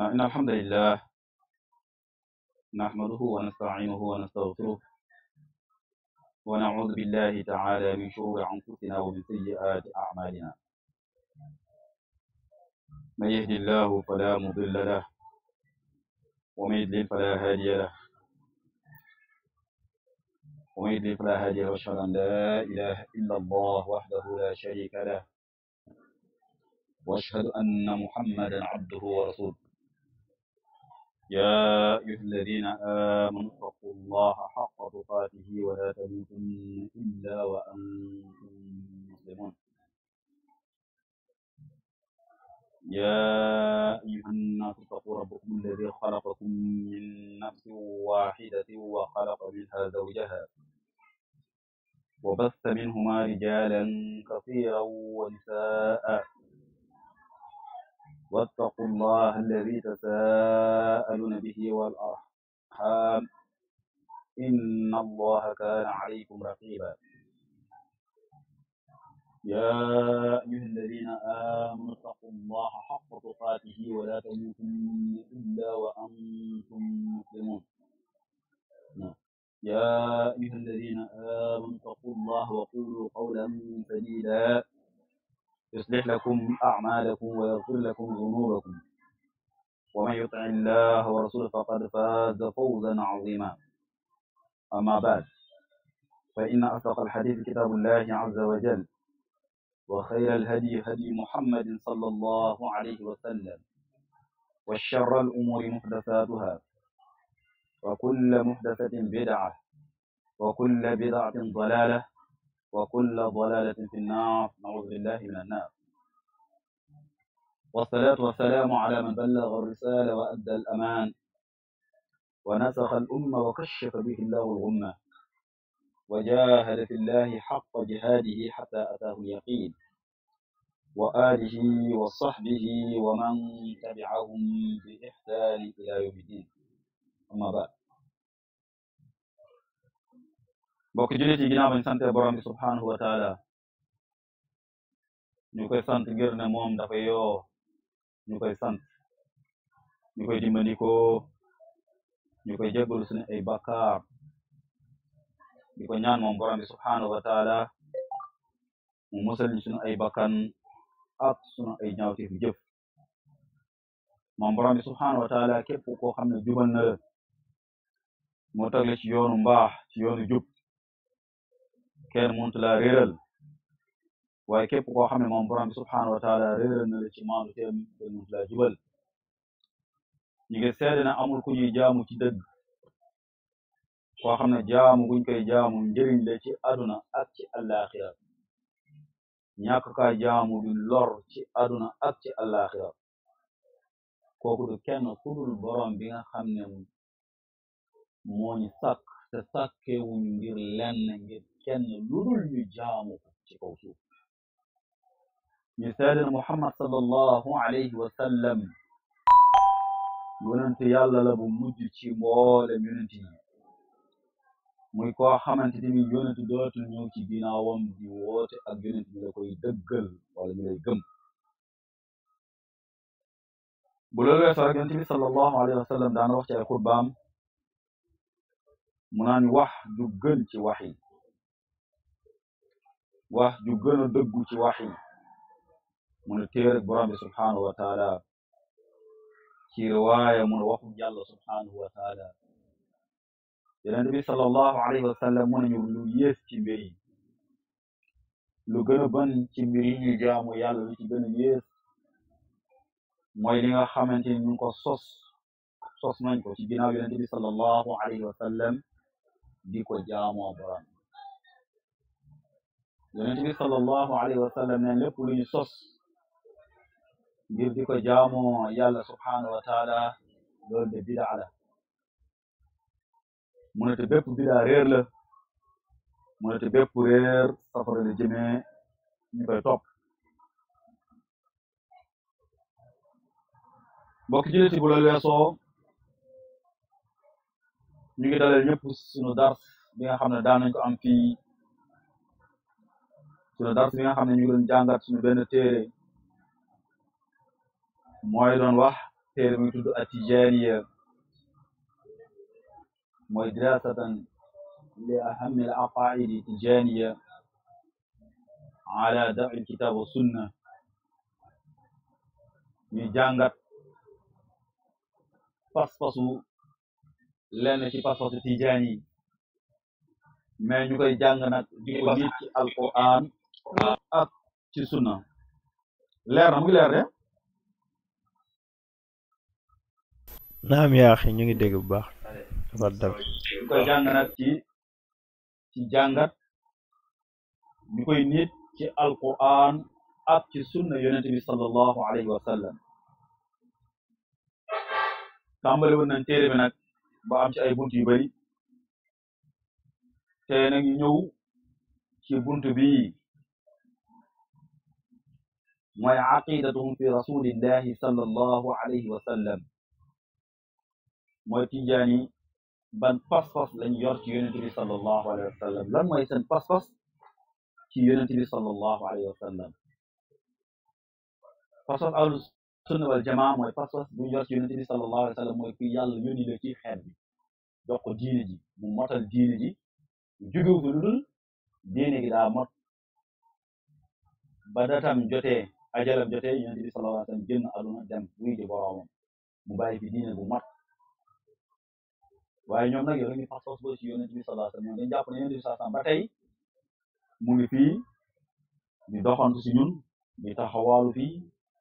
إن الحمد لله نحمده ونستعينه ونستغفره ونعوذ بالله تعالى من شرور أنفسنا ومن سيئات أعمالنا من يهدي الله فلا مضل له ومن يضلل فلا هادي له ومن يضلل فلا هادي له واشهد ان لا اله الا الله وحده لا شريك له واشهد ان محمدا عبده ورسوله يا أيها الذين آمنوا اتقوا الله حق تقاته ولا تموتن إلا وأنتم مسلمون يا أيها الناس اتقوا ربكم الذي خلقكم من نفس واحدة وخلق منها زوجها وبث منهما رجالا كثيرا ونساء واتقوا الله الذي تساءلون به والأرحام إن الله كان عليكم رقيبا يا أيها الذين آمنوا اتقوا الله حق تقاته ولا تموتن إلا وأنتم مسلمون نعم. يا أيها الذين آمنوا اتقوا الله وقولوا قولا سديدا يصلح لكم أعمالكم ويغفر لكم ذنوبكم ومن يطع الله ورسوله فقد فاز فوزا عظيما أما بعد فإن أصدق الحديث كتاب الله عز وجل وخير الهدي هدي محمد صلى الله عليه وسلم والشر الأمور محدثاتها وكل محدثة بدعة وكل بدعة ضلالة وكل ضلالة في النار نعوذ بالله من النار والصلاة والسلام على من بلغ الرسالة وأدى الأمان ونسخ الأمة وكشف به الله الغمة وجاهد في الله حق جهاده حتى أتاه اليقين وآله وصحبه ومن تبعهم بإحسان إلى يوم الدين أما بعد mbokk jullit yi ginnaaw bañ sante borom bi subhaanahu wa taala ñu koy sant ngir ne moom dafa yoo ñu koy sant ñu koy dimbandikoo ñu koy jéggalu suñu ay bakkaar di ko ñaan moom borom bi subhaanahu mu musal ñu ay bakkan ak suñu ay ñaawteef jëf moom borom bi subhaanahu wa taala képp koo xam ne jubal na la moo tag ci yoonu mbaax ci yoonu jub kenn mënut laa réeral waaye képp koo xam ne moom borom bi subhaanahu na la ci maandu teem kenn mënut laa jubal ngi seede na amul ku ñuy jaamu ci dëgg koo xam ne jaamu guñ koy jaamu njëriñ la ci aduna ak ci àllaaxira ñàkk kaa jaamu du lor ci aduna ak ci àllaaxira kooku du kenn ku dul nga xam ne moo ñu te sàkkewuñu ngir lenn ngir kenn ludul ñu jaamu ko ci kaw suuf misaalin muhammad sallallahu alayhi wa sallam yonente yàlla la bu mujj ci mboolem yonente yi muy koo xamante ni yonente dootul ñëw ci ginnaawam di woote ak yonente ñu la koy dëggal wala ñu lay gëm bu loolu weesoo rek yonente bi sallallahu alayhi wa sallam daana wax ci مناني واح دوغن تي واحي واح دوغن دوغو تي واحي من تير برامي سبحانه وتعالى تي رواية من واح جل سبحانه وتعالى إلى النبي صلى الله عليه وسلم من يبلو يس تي بي لوغن بن تي مريني جامو يالا لتي بن يس moy li nga xamanteni ñu ko sos sos nañ ko ci ginaaw yeenante bi sallallahu alayhi wa sallam ديكو جامو برام يونتي بي صلى الله عليه وسلم نان ليب لوني سوس ديكو جامو يالا سبحانه وتعالى لول دي بدا على مونتي بيب بدا رير لا مونتي بيب رير سفر لي جيمي ني باي توب بوك جيتي بولا لاسو ñu ngi dalal ñëpp suñu dars bi nga xam ne daan nañ ko am fii suñu dars bi nga xam ne ñu ngi doon jàngat suñu benn téere mooy doon wax téere mi tudd atijaniya mooy dirasatan li ahami al aqaidi tijaniya ala da'i al kitab wa sunna ñuy jàngat pas-pasu lenn ci pasosu tijaan yi mais ñu koy jàng nag di ko nit ci alquran ak ci sunna leer na mu ngi leer de naam yaaxi ñu ngi dégg bu baax faddal ñu koy jàng nag ci ci jàngat ñu koy nit ci alquran ak ci sunna yonent bi sallallahu alayhi wa sallam tàmbali woon nañ téere bi nag ba am ci ay bunt yu bari te nag ñu ñëw ci bunt bii mooy aqidatuhum fi rasulillahi sallallahu alayhi wa sallam mooy tijaani ban pas-pas lañ yor ci yonent bi sallallahu alayhi wa sallam lan mooy seen pas-pas ci yonent bi sallallahu alayhi wa sallam pas-pas ahlus sunna wal jamaa mooy pas-pas bu ñu yor ci yonente bi sallallahu alayhi wa sallam mooy ku yàlla yónni la ci xeet bi diine ji mu motal diine ji jugewu fi lu dul diine gi daa mot ba datam jotee ajalam jotee yonente bi dem wuy ji mu bàyyi fi diine bu mot waaye ñoom nag yow dañuy pas-pas boo bi sallallahu alayhi wa sallam ñoom dañu jàpp ne yonente mu ngi fii di doxantu si ñun di taxawaalu fii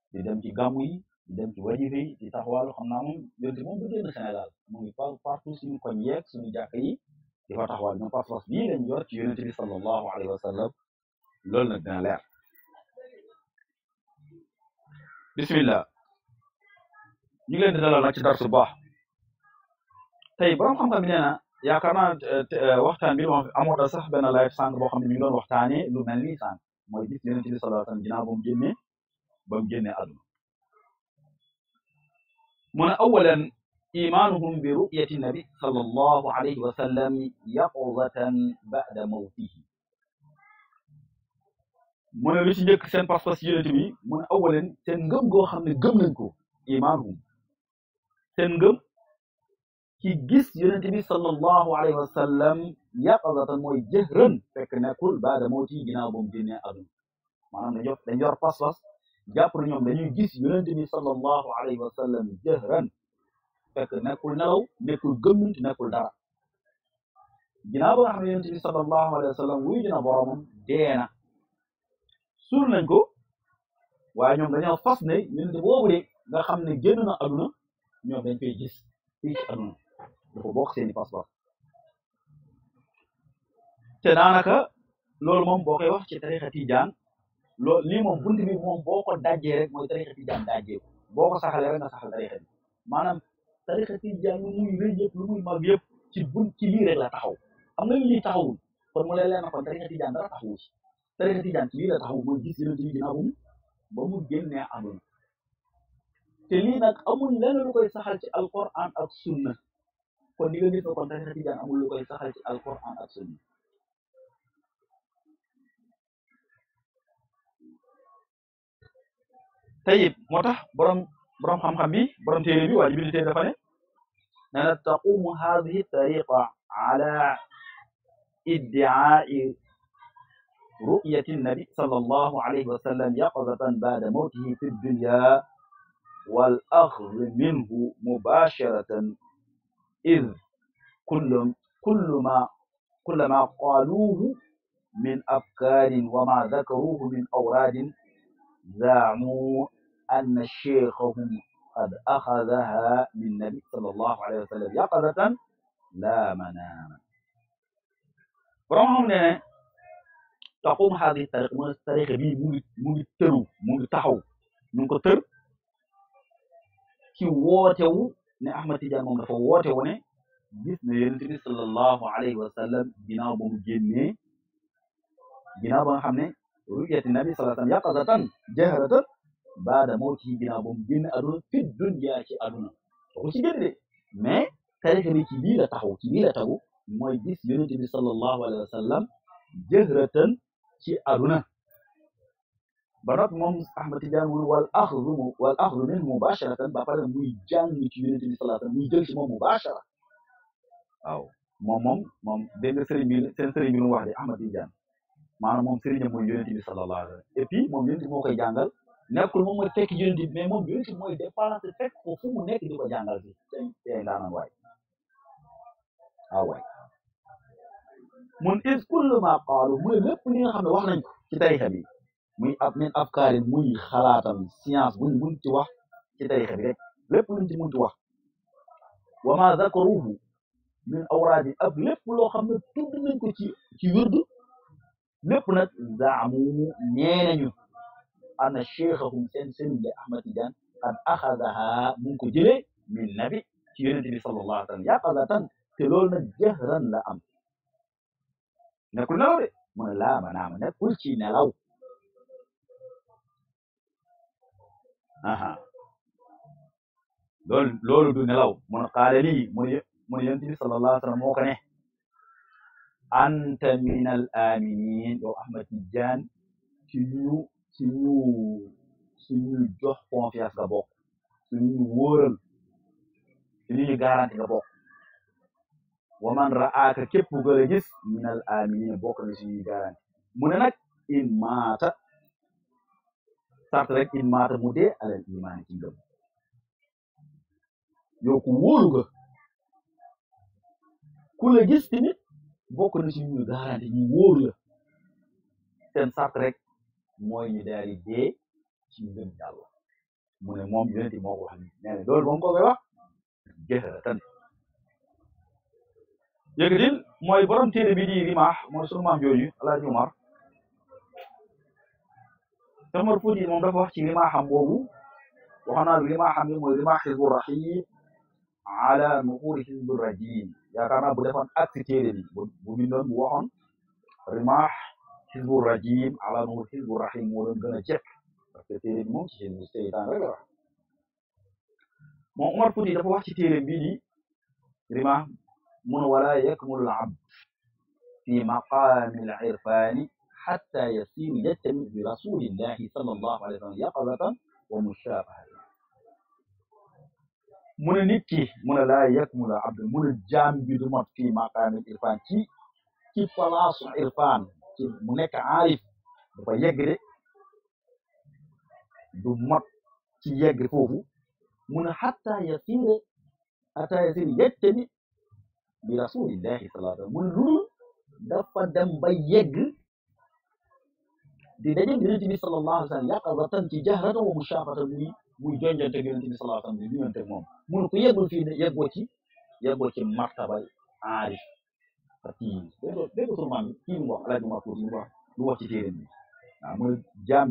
di dem ci gàmmu yi di dem ci wajife yi di taxawaalu xam naa moom yonte moom du génn Sénégal mu ngi par partout suñu koñ yeeg suñu fa taxawaal ñoom par force bii lañ yor ci yonente bi sallallahu alayhi loolu nag dina leer bismillah ñu ngi leen di dalal nag ci darsu baax tey bi nee na yaakaar naa eh, waxtaan bi moom amoon na sax benn live san boo xam ne ñu ngi doon waxtaanee lu mel ni sànq mooy gis yonente bi sallallahu alayhi بام جيني ادنا من اولا ايمانهم برؤيه النبي صلى الله عليه وسلم يقظه بعد موته من لي سي نيك سين باسباس يونتي من اولا سين غم غو خا نني ايمانهم سين كي غيس يونتي صلى الله عليه وسلم يقظه موي جهرن فك بعد موتي جنا بوم جيني ادنا manam dañ jàpp na ñoom dañuy gis yonente bi sallallahu alayhi wa sallam jëhran fekk nekkul nelaw nekkul gëmmunt nekkul dara ginnaaw nga xam ne yonente bi sallallahu alayhi wa sallam wuy dina deena suul nañ ko waaye ñoom dañoo fas ne yonente boobu ñoom dañ koy gis fii ci aduna dafa bokk te daanaka loolu moom boo koy wax ci tarixa loolu lii moom bunt bi moom boo ko dajjee rek mooy tarixa tijaan dajjee boo ko saxalee rek nga saxal tarixa maanaam tarixa tijaan lu muy rëy yëpp muy mag yëpp ci bunt ci la taxaw xam nga lii taxawul kon mu lay leen na kon tarixa tijaan dara taxawu ci tarixa tijaan ci lii la taxaw mooy gis yonent bi ginnaaw ba mu génnee àdduna te lii nag amul lenn ci alquran ak sunna kon di nga gis ne kon tarixa tijaan amul lu koy saxal ci alquran ak sunna tayib motax borom borom xam xam bi borom téré bi waji bilité dafa né nana taqum hadhihi tariqa ala idda'i رؤيه النبي صلى الله عليه وسلم يقظه بعد موته في الدنيا والاخذ منه مباشره اذ كل كل ما كل ما قالوه من افكار وما ذكروه من اوراد زعموا أن الشيخ قد أخذها من النبي صلى الله عليه وسلم يقظة لا منام برغم تقوم هذه التاريخ من التاريخ بي مونترو مونتاحو نونكتر كي ووتو ني احمد تيجان موم دافو ووتو ني غيس ني صلى الله عليه وسلم بنا بوم جيني بنا با خامني رؤيه النبي صلى الله عليه وسلم يقظه جهره ba da mawti ginnaaw ba mu génn aduna fi dunya ci aduna waxu ci génn de mais tarixa bi ci lii la taxaw ci lii la tagu gis yonente bi sallallahu alayhi wa sallam jëhratan ci aduna ba noppi moom Ahmad Tijaan wul wal axdu mu wal axdu min mubashara waaw moom moom moom dégg nga sëriñ bi seen sëriñ bi mu wax de Ahmad Tijaan maanaam moom sëriñam mooy yonente bi sallallahu alayhi wa sallam et puis moom bi moo koy jàngal nekkul moom mooy fekk yonent bi mais moom yonent mooy dépendance fekk ko fu mu nekk di ko jàngal fi tey daanaka waay ah, waaw mun is kullu ma qaalu mu ne lépp li wax nañ ci tarixa bi muy ab min afkaarin muy xalaatam science buñ mun ci wax ci tarixa bi rek lépp luñ ci mun ci wax wa ma zakaruhu min awraad yi loo xam ne أن شيخهم سنسن لأحمد جان قد أخذها من كجري من نبي تيرتي صلى الله عليه وسلم يقظة تلولنا جهرا لأم نقول نوري من لا من عم نقول شي نلو أها لول لول دو نلو من قال لي من ينتمي صلى الله عليه وسلم وقنه أنت من الآمنين أحمد جان تيو suñu suñu jox confiance nga bokk suñu wóoral suñu ñu garanti nga bokk wa man ra'aaka képp ku la gis minal aminin bokk na suñuy garanti mu ne nag in maata sart in maata mu dee alal imaan ci ngëm yow ku wóolu nga ku bokk na suñuy garanti ñu wóolu la seen moy ñu daal di dé ci ngëm yàlla mu ne moom yonent yi moo ko wax ni nee na loolu ba nga ko koy wax jeexal la tamit yëg dil mooy borom téere bi di rimah mooy sunu maam jooju alaaj umar tamar fuut yi dafa wax ci rimaaxam boobu waxoon naa rimaaxam yi mooy rimaax xibu rahim ala nuxuur xibu rajim Ya naa bu defoon acte téere bi bu bu bindoon bu waxoon rimaax حزب الرجيم على نور حزب الرحيم ولا نجنا جيب فكتير مهم شيء نستعيد عن غيره ما عمر فني دفع واحد كتير بيدي ريما من ولا يكمل العبد في مقام العرفان حتى يصير يتم برسول الله صلى الله عليه وسلم يقظة ومشابهة من نكي من لا يكمل عبد من الجام بدمت في مقام الإرفان كي كي فلاس الإرفان ci mu nekk aarif dafa yegg de du mot ci yegg foofu mun a xatta yasiire xatta yasiire bi rasulillahi salaatu mun lulul dafa dem ba yegg di daje yonente bi sallallahu alayhi wa sallam yaqazatan ci jahratan wa mushafatan muy muy jonjonte yonente bi sallallahu alayhi wa sallam di nuyonte moom mun ku yeggul fii ne yeggoo ci yeggoo ci martabay aarif sa tiim déggoo déggoo sunu maam yi tiim wax El Hadj lu wax ci téeréem bi waaw mooy jaam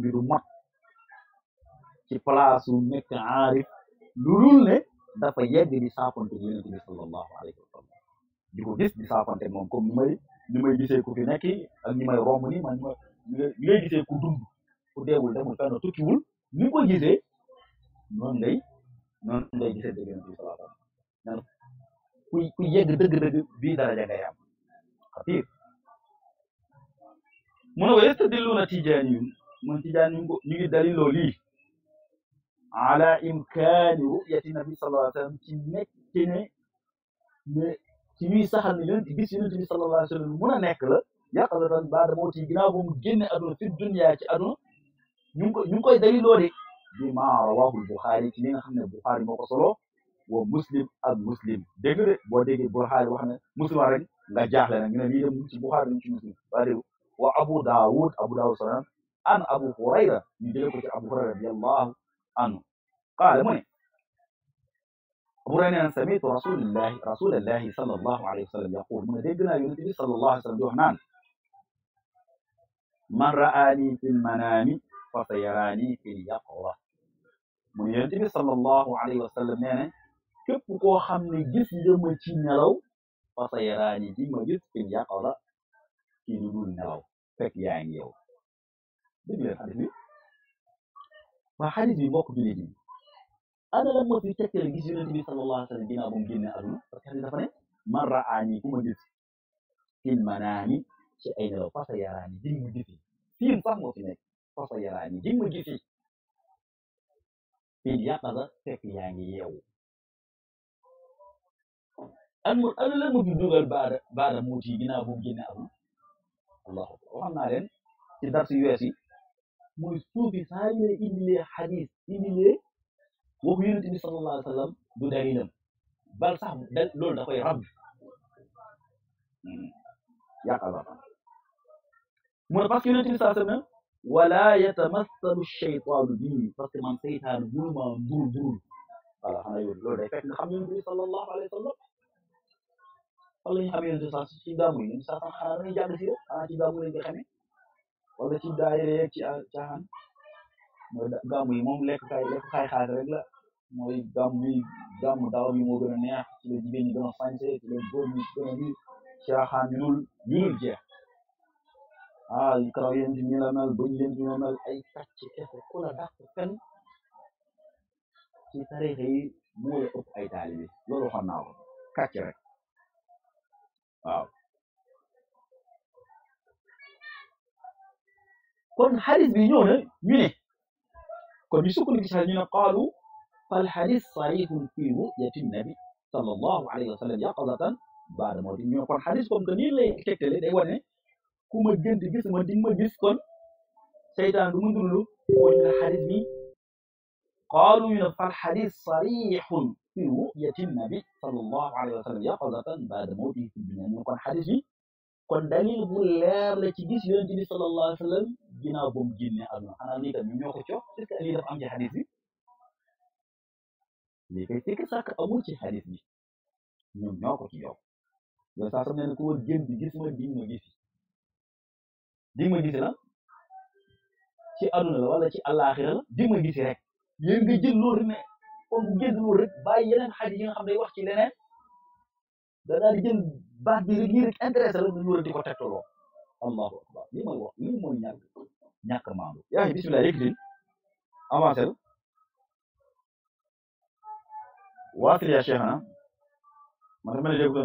ci place su nekk aarif lu dul ne dafa yegg di saafante yonent bi sallallahu alayhi wa sallam gis di saafante moom comme may ni may gisee ku fi nekk may romb ni man ni may gisee ku dund ku deewul demul fenn tukkiwul ni ko gisee noonu ngay noonu ngay gisee dëgg bi sallallahu ku yegg dëgg-dëgg bii daraja ngay am. xabiir mu ne wa yestadilluuna tijaaniyun mooy tijaan ñu ngi daliloo lii ala imkaani ru'yati nabi sallallahu alayhi wa sallam ci nekk ci ne ci ñuy saxal ne yonent gis yonent bi sallallahu alayhi wa sallam mun a nekk la yaqazatan baada mawti ginnaaw bu mu génne aduna fi dunya ci aduna ñu ngi koy ñu ngi koy daliloo de bi li nga ne Buxaari moo ko ومسلم المسلم دغري بو دغري بوخار واخنا مسلم رك لا جاهل نا ني دم سي بوخار ني مسلم بارو وابو داوود ابو داوود سلام ان ابو هريره ني دغري كو ابو هريره رضي الله عنه قال من ابو هريره ان سميت رسول الله رسول الله صلى الله عليه وسلم يقول من دغنا يونس صلى الله عليه وسلم دوحنان من رآني في المنام فسيراني في اليقظة من ينتمي صلى الله عليه وسلم يعني képp koo xam ne mm-hmm. gis nga ma fa sayaraani di ma gis fi yàqala ci lu dul nelaw fekk yaa ngi yow dégg leen xadis bi waa xadis bi mbokk jullit yi ana lan moo fi tekkale gis yonente bi sallallahu alayhi wa sallam ginnaaw bu ne man fa sayaraani di ma gisi fiim sax moo fa sayaraani di ma gisi fi yàqala fekk yaa ngi yeewu أنا أنا لم أدخل بعد بعد موتي جينا أبو جينا أبو الله أكبر وهم نارين إذا سيو أسي مستوى سامي إللي حديث إللي وبيون النبي صلى الله عليه وسلم بدعينهم بل صح دل لول ده كوي رب يا كلام مر بس يونت النبي صلى الله عليه وسلم ولا يتمثل الشيطان به فاستمان سيدنا بول ما دور دور الله أنا يقول لول ده فين خمين النبي صلى الله عليه وسلم fan la ñu xamee yonent sax ci gàmmu yi sax si rek xanaa ci gàmmu lañ ko xamee wala ci daayira yeeg ci caaxaan mooy gàmmu yi moom lekk kaay lekk kaay xaalis rek mooy gàmmu yi gàmmu daaw bi a neex ci la jigéen ñi gën a ci a ñu caaxaan yulul yulul jeex ah karaw yéen ci ñu la mel bañ leen ci ñu mel ay kàcc kese ku la dàq naa ko kàcc waaw kon xadis bi ñëw na ñu ne kon ñu sukkandiku ci xadis ñu ne qaalu fal xadis sarihun fi ru'yati nabi sallallahu alayhi wa sallam yaqazatan baada mawti ñu kon xadis comme que nii lay tegtale wane ku ma gënt gis ma di ma gis kon seytaan du mu dund kon ñu ne bi qaalu ñu ne fal xadis sarihun yusiru yatimma bi sallallahu alayhi wa sallam yaqazatan baada mawtihi fi dunya ñu kon xadis bi kon dalil bu leer la ci gis yonente bi sallallahu alayhi wa sallam ginnaaw ba mu génne àdduna xanaa lii tam ñu ñoo ko coox est-ce que lii dafa am ci xadis bi lii kay sikk sàkk amul ci xadis bi saa sam ne ko woon gén bi ma di ma gisi di la ci àdduna la wala ci àllaaxira la di ma rek yéen nga jël ne kon génnul rek bàyyi yeneen xadis yi nga xam day wax ci leneen da daal di jël baat bi rek lii rek intéressé rek ñu war a di ko tegtaloo allahu akbar lii mooy wax lii mooy ñàkk ngi ah. man dafa mel ni dégguloon ma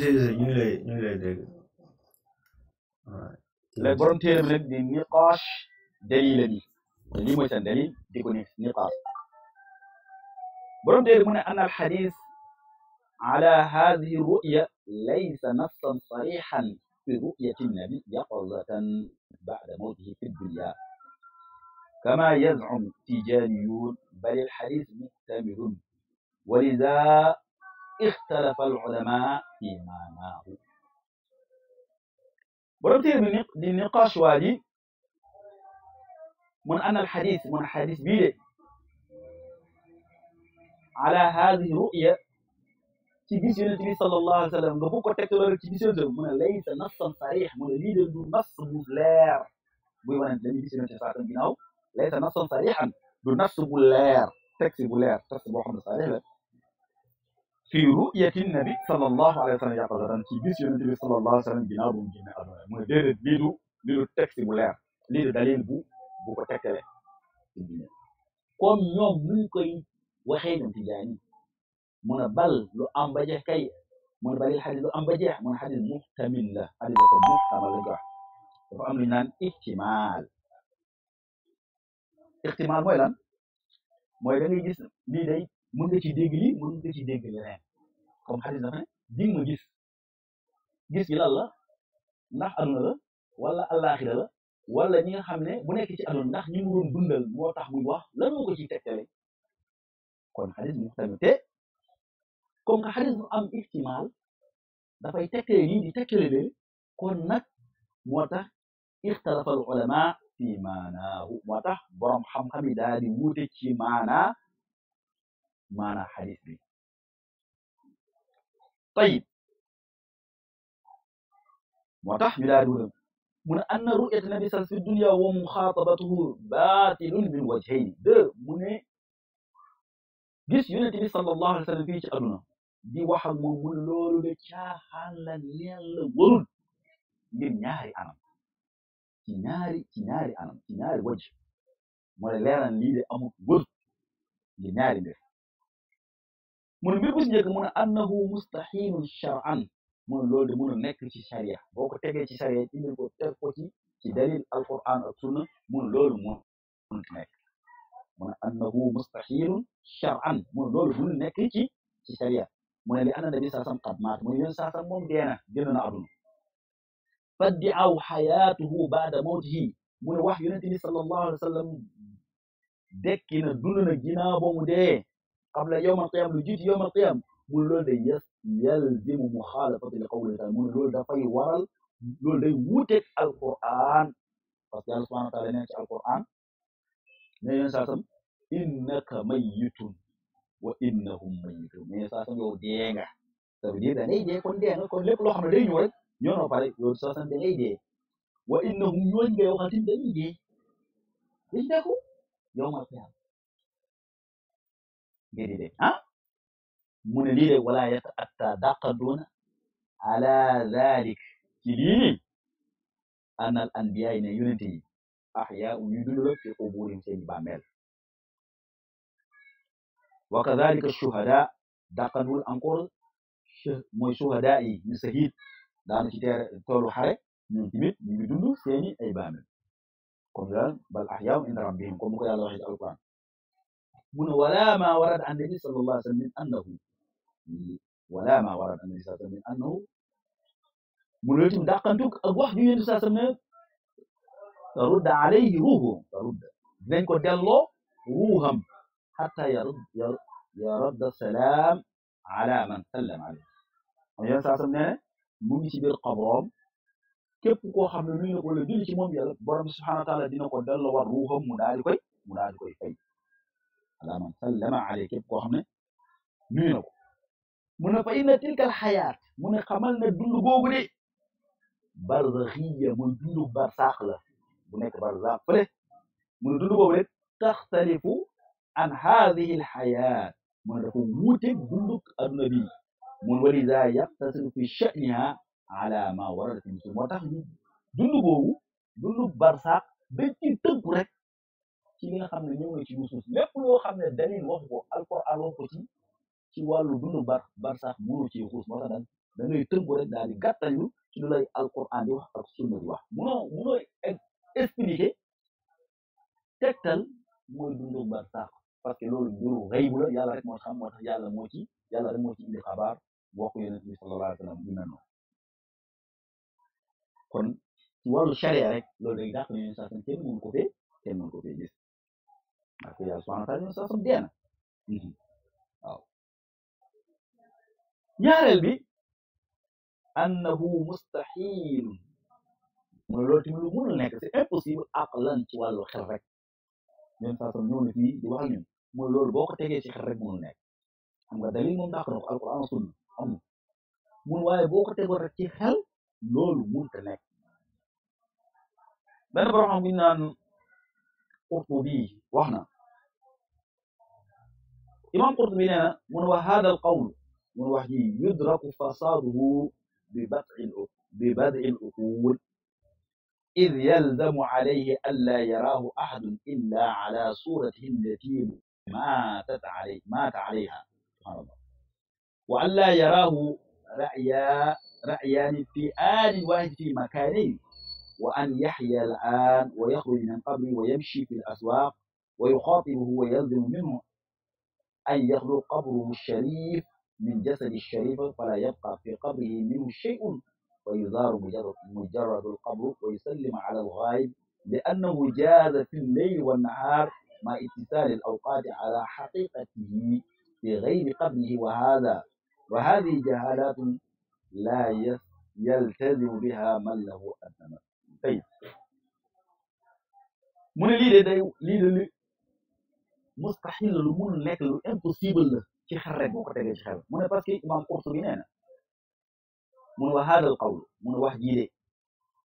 de wala ñu ngi lay ñu ngi lay dégg léegi borom di niqaash dalil lii mooy seen dalil di ko ni paas borom téere mu ne an al xadis ala hadihi ruya laysa nassan sarixan fi ruyati nabi yaqazatan bacda mawtihi fi dunya كما يزعم التيجانيون بل الحديث محتمل ولذا اختلف العلماء في معناه برمتي للنقاش وادي من أن الحديث من الحديث بيلي على هذه الرؤية تبيس النبي صلى الله عليه وسلم لو كنت تكتور تبيس من ليس نصا صريح من ليد نص بلير بوي وانا لم يبيس النبي صلى الله عليه وسلم ليس نصا صريحا بنص بلير تكسي بلير تكسي بلير محمد صريح في رؤية النبي صلى الله عليه وسلم يعقد أن تبيس النبي صلى الله عليه وسلم بناء من جميع أدوية من دير ليدو ليدو تكسي بلير ليدو دليل بو bu ko tekkale koy waxee ñoom tijaani mun a bal lu am ba kay mun a balil xadis lu am ba jeex mun a la xadis dafa la jox am lu ñu naan ixtimaal ixtimaal lan mooy da gis lii day mën nga ci dégg lii mën nga ci dégg leneen comme xadis dafa ne ding ma gis gis gi lan la ndax aduna la wala àllaaxira la wala ñi nga xam ne bu nekk ci àdduna ndax ñi mu doon dundal moo tax muy wax lan moo ko ciy tegtale kon xadis muxtamite comme que xadis bu am ihtimal dafay tegtale nii di tegtale leen kon nag moo tax ixtalafa al ulama fi maanaahu moo tax borom xam-xam yi daal di wuute ci maana maana xadis bi tayib moo tax ñu daal di wuute من ان رؤيه النبي صلى الله عليه وسلم في الدنيا ومخاطبته باطل من وجهين د من جس يونس صلى الله عليه وسلم في ادنا دي واحد من من لولو دي شاحان لا نيل ورد دي نياري انا تناري تناري انا تناري وجه مولا ليران لي دي امو ورد دي نياري دي من بيبس جيك من انه مستحيل شرعا mooy loolu de mën a nekk ci charia boo ko tegee ci charia indi ko teg ko ci ci dalil alquran ak sunna mun loolu mun mënut nekk mun annahu mustahilun shar'an mun loolu mun nekk ci ci charia mu ne li anna nabi saasam qad maat mu ne yéen saasam moom deena génn na àdduna faddiaw xayaatuhu baada mawtihi mu ne wax yonente bi sallallahu alayhi wa sallam dekki na dund na ginnaaw ba mu dee qabla yawm alqiyam lu jiitu yawm alqiyam mu ne loolu day yes yalzimu muxaalafata li qawlihi taala mu ne loolu dafay waral loolu day wuuteeg Alqur'an parce que yàlla subhaanahu wa taala nee ci Alqur'an ne yéen saa sam innaka mayyitun wa innahum mayyitun mais saa sam yow dee nga ça veut dire kon dee kon lépp loo xam ne day ñëw rek ñoo noo saa sam da ngay dee wa innahum yow ma fiyaam nga di dee من لي ولا دون على ذلك كدين أن الأنبياء ينتهي أحياء يدل في قبور سيد بامل وكذلك الشهداء دقنوا الأنقل مو شهداء نسهيد دانو كتير تولو حري من تميت من يدل سيني أي بامل قم ذلك بل أحياء إن ربهم قم قيال الله القرآن من ولا ما ورد عن النبي صلى الله عليه وسلم أنه ولا ما ورد النبي صلى الله عليه وسلم انه مولوتي مدقن توك اغواح دي النبي صلى ترد عليه روحهم ترد زين كو دلو روحهم حتى يرد يرد السلام على من سلم عليه النبي صلى الله عليه وسلم مو سي بير قبرام كيب كو خامل لي نكو لا دولي سي موم يالا بروم سبحانه وتعالى دي نكو دلو وار روحهم مو دالي كوي مو دالي كوي فاي على من سلم عليه كيب كو خامل لي نكو من فإن تلك الحياة من خمالنا دلو غوغلي برزخية من دلو برساخلة من برزاقلة من دلو غوغلي تختلف عن هذه الحياة من دفو موتك دلوك النبي من ولذا يقتصر في شأنها على ما ورد في مسلم وتخلي دلو غوغو دلو برساق بيتي تقرأ ci li nga xam ne ñëw na ci musus lépp loo xam ne dalil wax ko alquran wax ko ci ci wàllu dundu bar bar sax mënoo ci xuus moo tax daal da ngay rek daal di gàttañu ci lu lay alquran di wax ak sunna di wax munoo munoo expliquer tegtal mooy dundu bar sax parce que loolu mbiru rëy la yàlla rek moo xam moo tax yàlla moo rek moo indi xabaar wax ko yonent bi sallallahu alayhi wa sallam dina noonu kon ci wàllu charia rek loolu day dàq ñu saa sam kenn mënu ko fee kenn mënu ko ñaareel bi annahu mustahil mooy loolu tamit lu mënul nekk c'est impossible aqlan ci wàllu xel rek ñun saa soxna ñëw na fii di wax ñun mooy loolu boo ko tegee ci xel rek mënul nekk xam nga dalil moom dàq na ko alquran sunna am mun waaye boo ko tegoon rek ci xel loolu mënut a nekk benn borom xam buñu naan Qurtubi wax na imam Qurtubi nee na mun wa hada al qawl والوحي يدرك فساده ببدع ببدع الأقول إذ يلزم عليه ألا يراه أحد إلا على صورته التي ماتت عليه مات عليها سبحان الله وألا يراه رأيا رأيان في آن واحد في مكانين وأن يحيا الآن ويخرج من قبره ويمشي في الأسواق ويخاطبه ويلزم منه أن يخلق قبره الشريف من جسد الشريف فلا يبقى في قبره منه شيء ويزار مجرد, مجرد القبر ويسلم على الغائب لأنه جاز في الليل والنهار مع اتصال الأوقات على حقيقته في غير قبله وهذا وهذه جهالات لا يلتزم بها من له أذنب طيب من لي لي de day lii de impossible شي خرج وقت ديال الشهاده مونا باسكو امام قرطبي هنا من هذا القول من واحد جيلي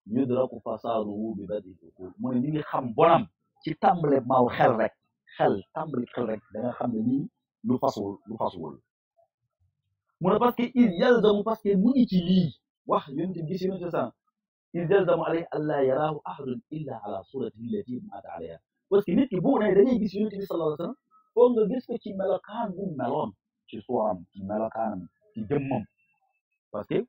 يدرك فساده ببدء الدخول من نيغي خام بونام شي تامبل ما هو رك خل تامبل خل رك دا خام ني لو فاسول لو فاسول مونا باسكو اذ يلزم باسكو مونا تي لي واخ يونت غيسي نتا سان اذ يلزم عليه الا يراه احد الا على صورته التي مات عليها باسكو نيت بو نا داني غيسي نتي صلى الله عليه وسلم foog nga gis ko ci melokaan bu meloon ci suwaram ci melokaanam ci jëmmam parce que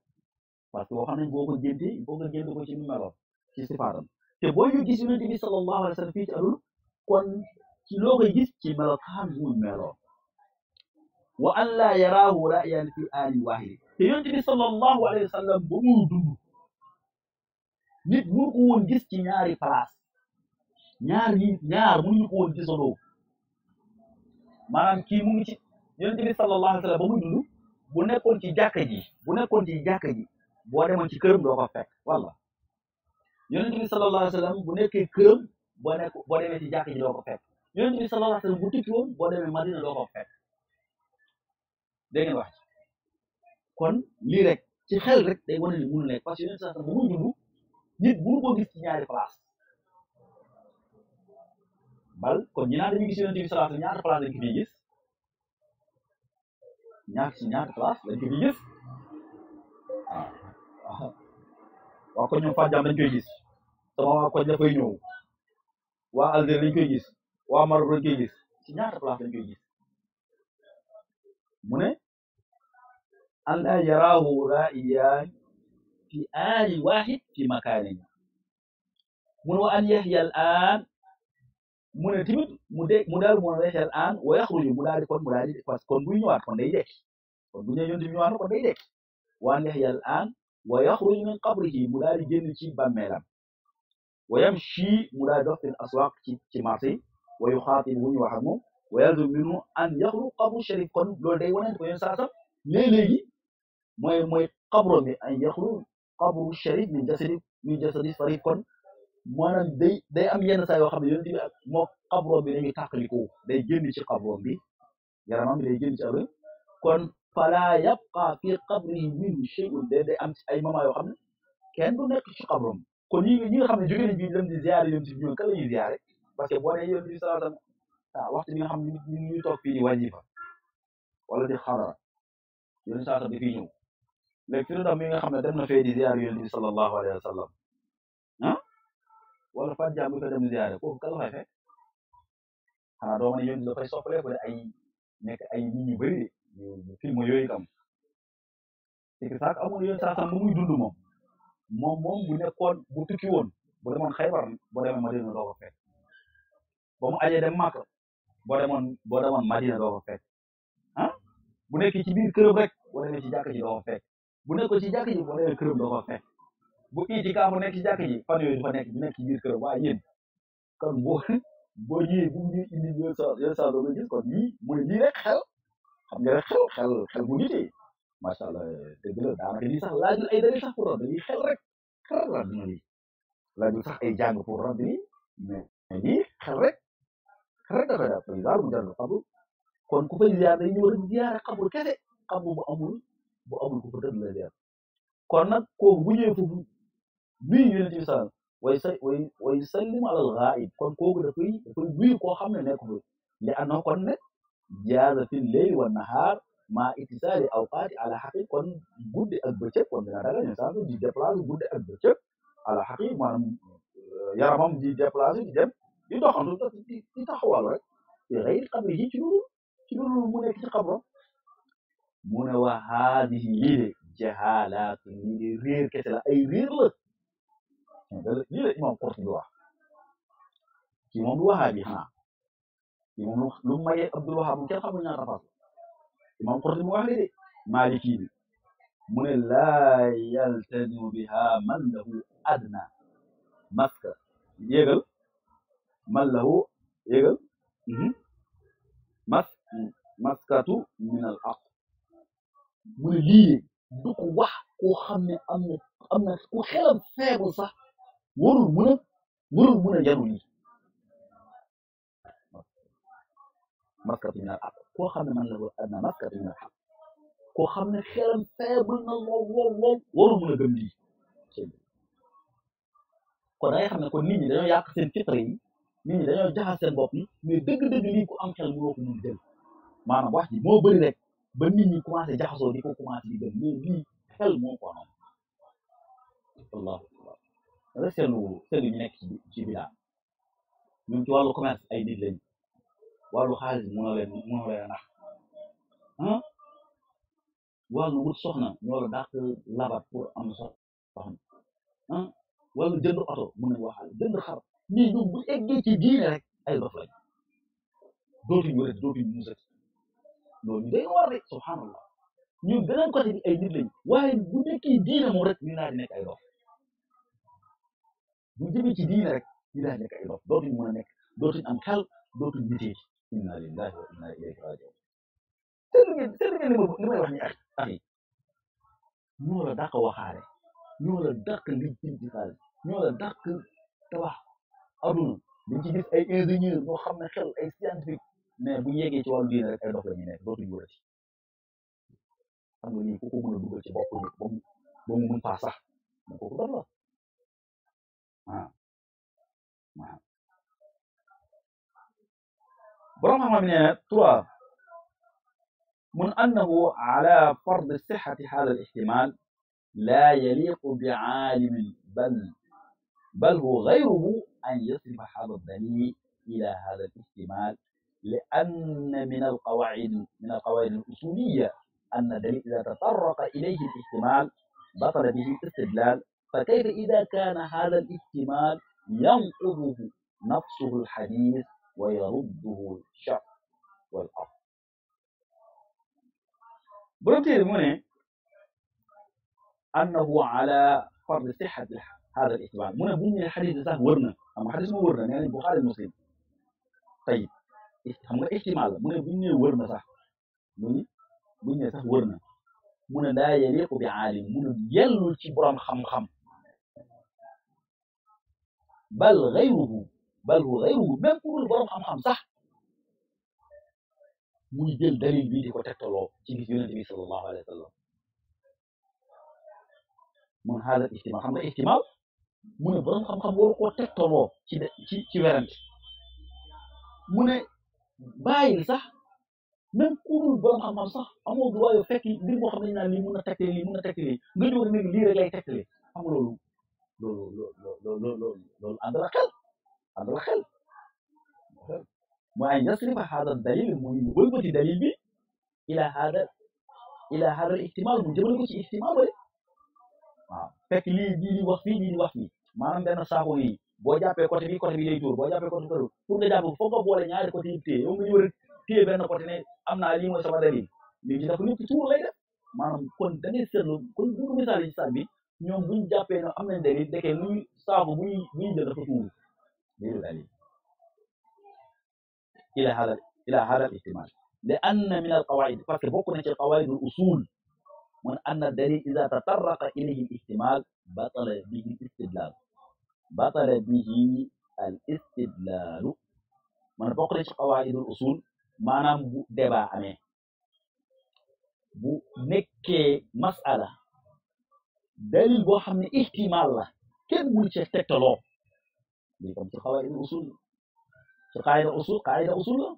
parce que boo xam ne boo ko jënte boo nga jënd ko ci nu meloon ci sifaatam te boo ñu gis yonente bi sallallahu alayhi wa sallam fii ci aduna kon ci loo koy gis ci melokaan bu meloon wa an laa yaraahu ra'yan fi aali waahidi te yonente bi sallallahu alayhi wa sallam ba muy dund nit mënu ko woon gis ci ñaari place ñaar yi ñaar mënuñu ko woon gisandoo maanaam ki mu ngi ci yonent bi sallallahu alayhi wa ba muy dund bu nekkoon ci jàkka ji bu nekkoon ci jàkka ji boo demoon ci këram doo ko fekk walla yonent bi sallallahu alayhi bu nekkee këram boo nekk boo demee ci jàkka doo ko fekk yonent bi sallallahu alayhi wa sallam bu tukki woon boo demee Madina doo ko fekk dégg ngeen wax ci kon lii rek ci xel rek day wane ne mënu nekk parce que yonent bi sallallahu alayhi ba muy dund nit bu ko gis ci ñaari place bal kon ñi naan dañuy gis yonent bi salaatu ñaata place lañ ko fiy si ñaata place lañ ko fiy gis waaw ah, ah. waaw kon ñoom Fatick dañ koy koñ dafay ñëw waa Algérie lañ koy gis waa Maroc lañ koy si ñaata place lañ koy gis mu ne yaraahu raiyaan fi aani waxid fi makaanin mu wa an yahya al mu ne tamit mu de mu daal moo reexeel aan wa yaxruju mu daal di kon mu daal di parce que kon buy ñëwaat kon day dekki kon bu ñëwee yonent bi ñëwaat kon day dekki waa reexeel aan wa yaxruju min qabrihi mu daal di génn ci bàmmeelam wa yamshi mu daal di dox fil aswaq ci ci marché yi wa yuxaatib wu ñu wax ak moom wa yalzam minhu an yaxru qabru sharif kon loolu day wane ko yéen saa sam léeg-léegi mooy mooy qabro mi an yaxru qabru sharif min jasadi min jasadi sarif kon manam day day am yenn saa yoo xam ne yonent bi ak moo xabroom bi dañuy tàqalikoo day génn ci xabroom bi yaramam bi day génn ci xabroom kon fala yabqa fi qabri min shay'un day day am ci ay mama yoo xam ne kenn du nekk ci xabroom kon ñi ñi nga xam ne jóge nañ bi lam di ziare yonent bi ñoom kan la ñuy ziare parce que boo nee yonent bi sallallahu alayhi wasallam waxtu bi nga xam ne ñu ñu toog fii di wàññi fa wala di xara yonent sallallahu alayhi wasallam dafiy ñëw léegi fi mu nga xam ne dem na fee di ziare yonent bi sallallahu alayhi wasallam wala Fatou Diagne bu ñu ko dem ziare kooku kan la fay fekk xanaa doo mën a yónni dafay soppaleeku de ay nekk ay nit ñu bëri de film yooyu tam c'est que sax amul yoon saa sàmm muy dund moom moom moom bu nekkoon Madina doo ko fekk ba mu ajee Madina doo ko ah bu ci biir kërëm rek boo ci jàkk ji doo ko ci jàkk ji boo demee kërëm bu itikaafu nekk ci fan yooyu dafa nekk di nekk ci kër waaye yéen kon boo bu ñuy indi yenn saa yenn saa doo kon lii mooy lii rek rek xel xel xel kon ku a ziar xabul kese xabul bu kon nag kooku bu ñëwee foofu nuyu yonent bi sallam way sa way way sallim alal ghaib kon kooku dafay dafay nuyu koo xam ne nekk fi li anna kon ne jaaza fi leyli wa nahaar ma itisaali awqaati ala xaqi kon guddi ak bëccëg kon dina daga ne sax di ak bëccëg ala xaqi maanaam euh, yaramam di déplacé di dem di doxantu rek di rëy xabri yi ci loolu mu nekk ci xabro mu ne wa haadihi yii de jahalaat yii ay réer la lii la imam Qurtubi wax ci moom du waxaa bi xanaa ci moom lu mu mayee Abdul Wahab moom kenn xamul ñaata fas imam Qurtubi mu wax li de Maliki bi mu ne laa yaltanimu biha man lahu adna maska yégal man lahu yégal mas min al aq mu lii du wax koo xam ne am ku xelam feebul sax worul muna worul muna jarul yi maskatu min al-aql koo xam ne man la war adna maskatu min al-aql koo xam ne xelam faible na lool lool lool warul mën a gëm lii kon da ngay xam ne kon nit ñi dañoo yàq seen fitre yi nit ñi dañoo jaxal seen bopp yi mais dëgg-dëgg lii ku am xel mënoo ko mun jël maanaam wax ji moo bëri rek ba nit ñi commencé jaxasoo di ko commencé di gëm mais lii xel moo ko am wallahu reseetlu wu seetlu ñu nekk ci ci bidaa ñun ci wàllu commerce ay nit lañ wàllu xaalis mënoo leen mënoo leen a nax ah wut soxna ñoo la dàq labat pour am soxna ah wàllu jënd oto mën nañu waxaal jënd xar ñii ñu bu eggee ci diine rek ay dof lañ dootuñu wërët dootuñu musat ñu rek subhanallah ñu beneen côté bi ay nit lañ rek ñu naa ay dof bu ñu jëmee ci diine rek ilaa nekk ay dof dootuñ mën a nekk dootuñ am xel dootuñ niteeti inna lillahi wa inna ilayhi rajiun seetlu ngeen seetlu ngeen li may wax ni ak ak yi ñoo la dàq waxaale ñoo la dàq lijjin ci xaalis ñoo la dàq tabax aduna dañ ci gis ay ingénieur ñoo xam ne xel ay scientifique mais bu ñu yeggee ci wàllu diine rek ay dof la ñu nekk dootuñ wërati xam nga nii ku ko mën a dugal ci bopp nit ba mu ba mu mën faa sax mais kooku dof la آه. برغم من ترى من أنه على فرض صحة هذا الاحتمال لا يليق بعالم بل بل هو غيره أن يصرف هذا الدليل إلى هذا الاحتمال لأن من القواعد من القواعد الأصولية أن الدليل إذا تطرق إليه الاحتمال بطل به الاستدلال فكيف إذا كان هذا الاحتمال ينقضه نفسه الحديث ويرده الشرع والأرض بنتهي مني أنه على فرض صحة هذا الاحتمال من بني الحديث ده ورنا أما حديث مو ورنا يعني البخاري المسلم طيب هم احتمال من بني ورنا صح بني بني صح ورنا من لا يليق بعالم من يلو كبران خم خم bal xayruhu bal hu xayruhu même ku borom xam-xam sax muy jël dalil bii di ko tegtaloo ci bi sallallahu alayhi wa sallam mun xaaral ijtimaa mu ne borom xam-xam waru koo tegtaloo ci ci ci werante mu ne bàyyil sax même ku borom xam-xam sax amoo du waayo fekk mbir moo xam ne ñu naan lii mun na tegtali lii mun na tegtali nga ñëw rek lii rek lay tegtali xam nga loolu. loolu loolu loolu loolu ànd la xel ànd la xel mooy ay yasrifa haada dalil muy mu wëlbati dalil bi ila haada ila haada ihtimal mu jëmale ko ci ihtimal ba de waaw fekk di wax fii lii di wax fii maanaam benn saako nii boo jàppee côté bi côté bi day tuur boo jàppee côté bi pour nga boole ñaari côté yi téye yow nga ñëw rek téye benn côté ne am naa dalil léegi dafa lépp tuur lay def maanaam kon da ngay seetlu bi ñoom buñ jàppee ne am nañ dalil dekee luy saabu buñ buñ jël dafa tuuru غير ذلك الى هذا الى هذا الاحتمال لان من القواعد فكر بوكو القواعد الاصول من ان الدليل اذا تطرق اليه الاحتمال بطل به الاستدلال بطل به الاستدلال من بوكو قواعد الاصول ما نام دبا امي بو نكي مساله دليل بو خامني احتمال لا كين مول سي تكتلو دي كوم سي الاصول قاعده اصول قاعده اصول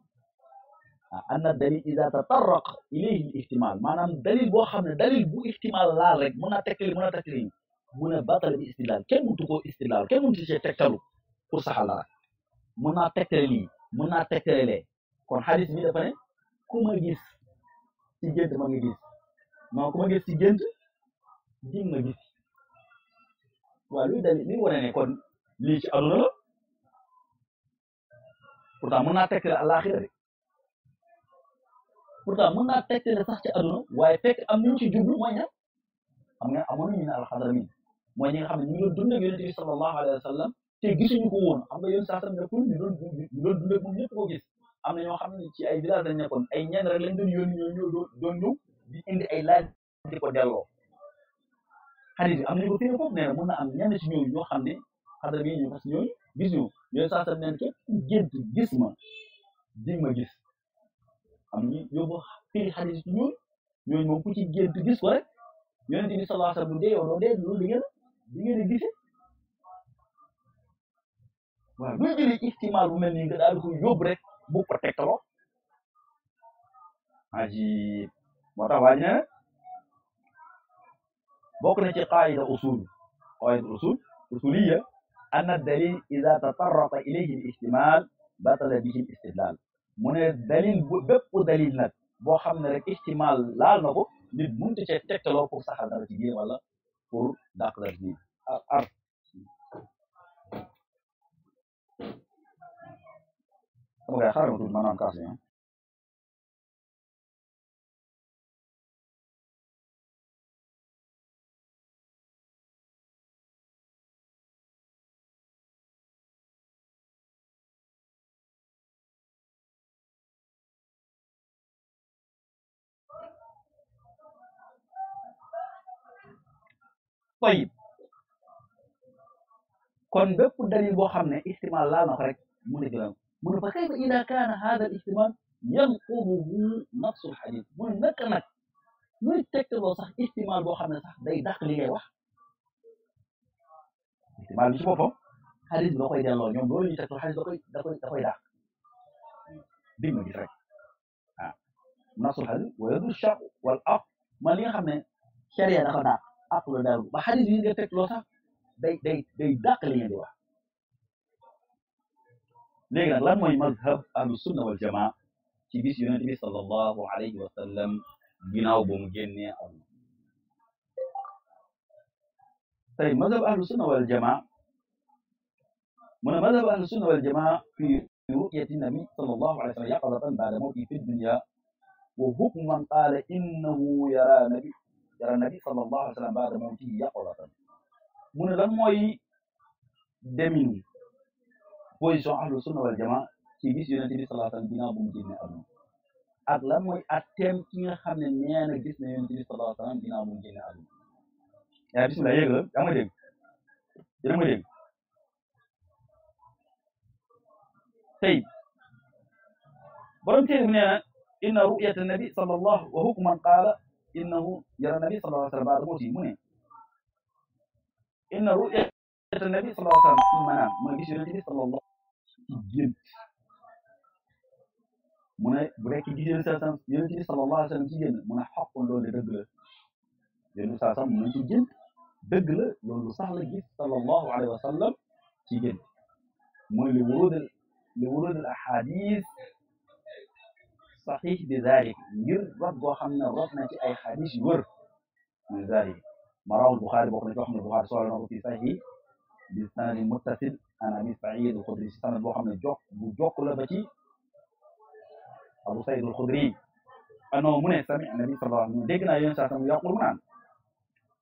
ان الدليل اذا تطرق اليه الاحتمال مانام دليل بو خامني دليل بو احتمال لا رك مونا تكل مونا تكلي مونا بطل الاستدلال كين مونتوكو استدلال كين مونتي سي تكتلو pour sa halal mën naa tekkale lii mën naa tekkale kon xaalis bi dafa ne ku ma gis ci dim ma gis waaw luy dali luy wane kon lii ci aduna la pourtant mën naa tegtale àlaxira de sax ci aduna waaye fekk am nañu ci jublu mooy ñan xam nga amoon nañu ne alxadramin mooy ñi xam ne ñu doon dund ak yonente bi sallallahu alayhi wa te gisuñu ko woon xam nga yoon saa sam nekkul ñu doon ñu doon ñëpp ko gis am na ñoo xam ne ci ay village lañ nekkoon ay ñenn rek doon yónni ñoo ñëw doon ñëw indi ay laaj di ko delloo xadis bi am nañu ko téye foofu nee na am ñenn ci ñooñu ñoo xam ne xadara bi ñu gis ñu ñooñu saa sam neen képp ku gis ma di gis am ñu yóbbu firi xadis ci ñooñu ñooñu moom ku ci gént gis ko rek yonent bi sallallahu alayhi wa sallam bu dee doo dee loolu di ngeen waaw boo jëlee istimaal bu mel nii nga daal di ko rek bu ko tegtaloo moo tax waa ñu بوكنا إيه شي قاعدة أصول قاعدة أصول أصولية أن الدليل إذا تطرق إليه الاحتمال بطل به الاستدلال من الدليل بيب دليل نك بو خامن رك احتمال لا نكو نيت مونت تي تكتلو بور صحال دار تي ولا بور داك دار تي ار sama kayak haram tuh mana kasih ya tayib kon bépp dalil boo xam ne istimaal laa na ko rek mun a jëlam mu ne fa kayfa ida kaana hada al istimaal yanquduhu nafsul xadis mu ne naka nag muy tegtaloo sax istimaal boo xam ne sax day dàq li wax istimaal bi ci boppam xadis bi da rek nafsul xadis wa yadu shaq wal aq man li xam ne sharia da ko عقله نام ما حدش بيقدر تك لو صح they they they داخل يعني واحد لكن لما مذهب أهل السنة والجماعة كبيس يونتبي صلى الله عليه وسلم جناو بمجنة الله طيب مذهب أهل السنة والجماعة من مذهب أهل السنة والجماعة في رؤية النبي صلى الله عليه وسلم يقظة بعد موته في الدنيا وحكم من قال إنه يرى نبي yàlla nabi sallallahu alayhi wa sallam baada mawtihi yaqulatan mu ne lan mooy demin position ahlu sunna wal jamaa ci bis yonente bi sallallahu wa sallam ginnaaw mu génne àdduna ak lan mooy atteem ki nga xam ne nee na gis na wa sallam ginnaaw mu génne àdduna yaa bismillah yéeg la yaa ma dégg yéen ma dégg tey borom téere bi nee na inna ru'yata nabi sallallahu wa hukman qaala innahu ya nabi sallallahu alaihi wasallam ba'd musimune inna ru'ya nabi sallallahu alaihi wasallam fi manam magi sunu nabi sallallahu alaihi wasallam mune bu rek gi jeul sallallahu alaihi wasallam yeen sallallahu alaihi wasallam ci yeen mune haqqun lolu deug la yeen sallallahu alaihi wasallam ci jeul deug la lolu sax la gi sallallahu alaihi wasallam ci jeul moy li wurudul li wurudul ahadith صحيح بذلك غير رب وخمنا ربنا في أي حديث غير من ذلك مراه البخاري بقول لك رحمه البخاري صلى الله عليه وسلم بسند متصل أنا أبي سعيد الخدري سند أبو حمد جوك بجوك ولا بتي أبو سعيد الخدري أنا من سمع النبي صلى الله عليه وسلم دقنا يوم ساتم يقول من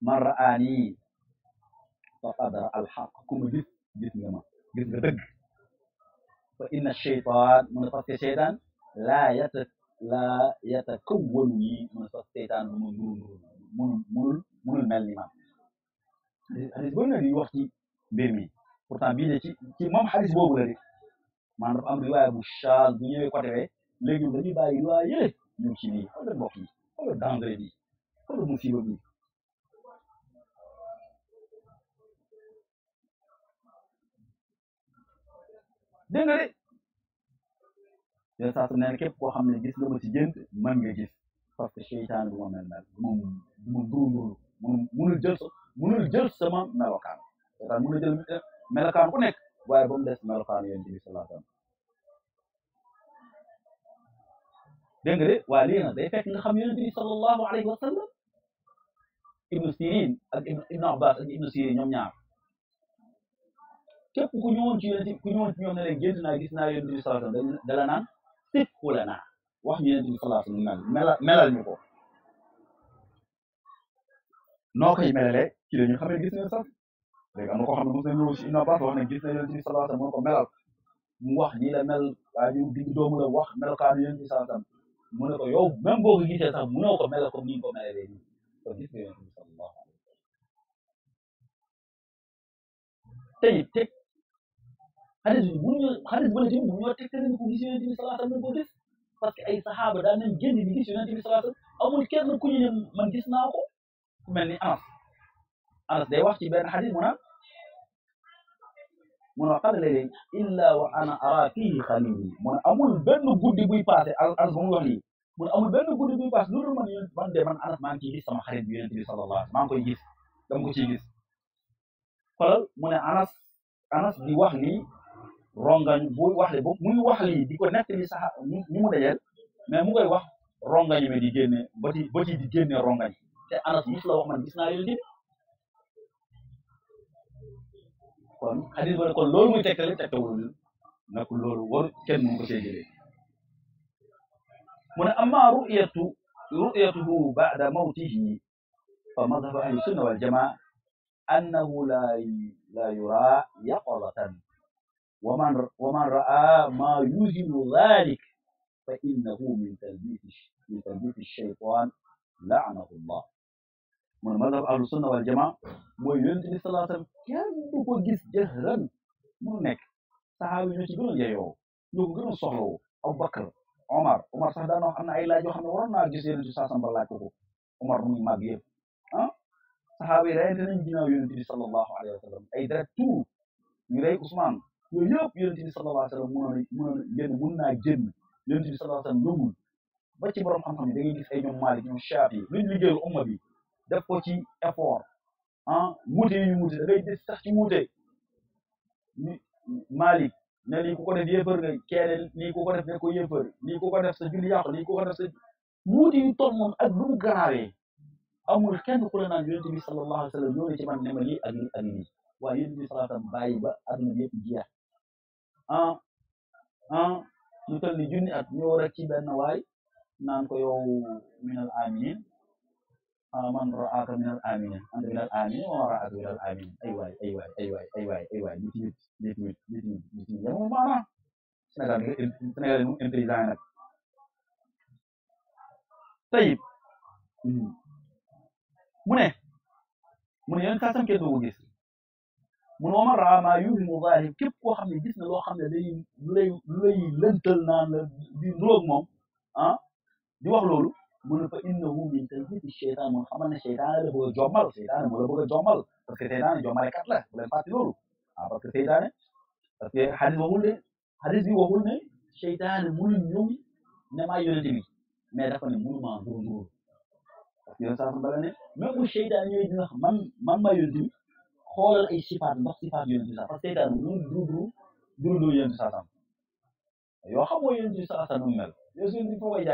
من رآني فقد الحق كم جد جد جد فإن الشيطان من فصل الشيطان laa yata laa yata këw mun a sos seytaan lu mu nuru munul munul mel ni man xadis boobu nag wax ci mbir mi pourtant bii de ci moom xadis boobu la de maanaam dafa am riwaaya bu chaaz bu ñëwee côté we léegi ñun dañuy bàyyi riwaaya yële ci nii xoolal mbokk yi xoolal danger bi xoolal musiba de yooyu saa su ne képp koo xam ne gis nga ma ci gént mën nga gis parce que seytaan du ma mel mel du ma du ma nduur nduur munul jël sa munul jël sama melokaan seytaan munul jël melokaan ku nekk waaye ba mu des melokaan yonent bi sallallahu alayhi wa sallam dégg nga de waaye lii nag day fekk nga xam yonent bi sallallahu alayhi wa sallam ibnu sirin ak ibnu abbas ak ibnu sirin ñoom ñaar képp ku ñëwoon ci yonent ku ñëwoon ci ñoom ne leen gént naa gis naa yonent bi sallallahu alayhi wa sallam dala naan fiqhu lanaa wax yonent bi sallallahu alayhi wa sallam melal melal ñu ko noo koy melalee ci la gis nañ sax léegi am xam ne mos na si Ibn Abbas wax ne gis nañ yonent bi sallallahu alayhi wa sallam ko melal mu wax nii la mel waa ñu digg doomu la mu ne ko yow même boo ko melal comme ni gis nga yonent bi sallallahu alayhi wa sallam xanaa su buñu xanaa su bële tamit bu ñu war a tegtal ni ko gis yonente bi salaa sallam ko def parce que ay saxaaba daan nañ génn di gis yonente bi salaa sallam amul kenn ku ñu ne man gis naa ko ku mel ni Anas Anas day wax ci benn xadis mu naan mu ne xale leen illa wa ana ara fii xalili mu ne amul benn guddi buy passé Anas ba mu wax lii mu ne amul benn guddi buy passé loolu man yonente man de man Anas maa ngi ciy gis sama xarit bi yonente bi sallallahu alayhi maa ngi koy gis dama ko ciy gis xoolal mu ne Anas Anas di wax lii rongañ buy wax le muy wax lii di ko nettali sax ñi mu dajeel mais mu koy wax rongañ mi di génne bati bati di génne rongañ te anas mus la wax man gis naa leen di kon xadis ba ne kon loolu muy tegtali tegtawul nag loolu war kenn mu ko see jëlee mu ne amma ru'yatu ru'yatuhu ba'da mawtihi fa madhabu ahli sunna wal jamaa annahu la la yura yaqalatan ومن ومن راى ما يوزن ذلك فانه من تلبيس من تلبيس الشيطان لعنه الله من مذهب اهل السنه والجماعه مو يوزن صلى الله عليه وسلم كان بوكو جيس جهرا منك صحابي يوزن يقول لك يو يقول صلوا ابو بكر عمر عمر صح دانو خنا اي لاجو خنا ورنا جزيره صلى الله عليه وسلم عمر مي ماغي ها صحابي راي دنا جينا يوزن صلى الله عليه وسلم اي درتو يري عثمان yooyu yëpp yonent bi sallallahu alayhi wa sallam mënoon naa génn yonent bi sallallahu alayhi wa sallam ba ci borom xam-xam yi da ngay gis ay ñoom Maalik ñoom Shaafi luñ ah, yi ñu muute da ngay gis sax ci muute Maalik ne lii ku ko def yéefar nga keene lii ko def ne ko yéefar sa julli yàqu lii ku ko sa muute yu toll moom ak kenn ku la naan yonent sallallahu sallam ñëw na ci man ne ma lii ak lii ak lii waaye yonent sallam bàyyi ba adduna bi yëpp jeex en en lu toll ni junni at ñëw rek ci benn waay naan ko yow minal aminin ah, man raaka minal aminin anta minal aminin wa raaka minal aminin ay waay ay waay ay waay ay waay ay waay nit nit nit nit nit nit nit nit yamul maanaam Sénégal Sénégal moom intelligent nag tayib hmm. mu ne mu ne yéen kaasam kenn du ko gis من ومرة ما يوهي مظاهر كيف كو خامي جسنا لو خامي لي لي لي لنتل نان دي نلوك موم ها آه؟ دي واخ لولو من فا انه من تلبيت الشيطان من خامل الشيطان اللي هو جمال الشيطان مولا بغا جمال بس كتيدان جمال كات لا بلن فاتي لولو ها آه، بس كتيدان بس حديث ما قولي حديث بي وقول ني الشيطان مولي نيوم نما يولي ما دفن مولي ما دور دور يوسف بلاني ما هو الشيطان يجي من من ما يولي xoolal ay sifaat ndax sifaat yonent bi sax parce que seytaan du du du du yonent saa yoo xamoo yonent bi saa sam mel yow suñ di foo ci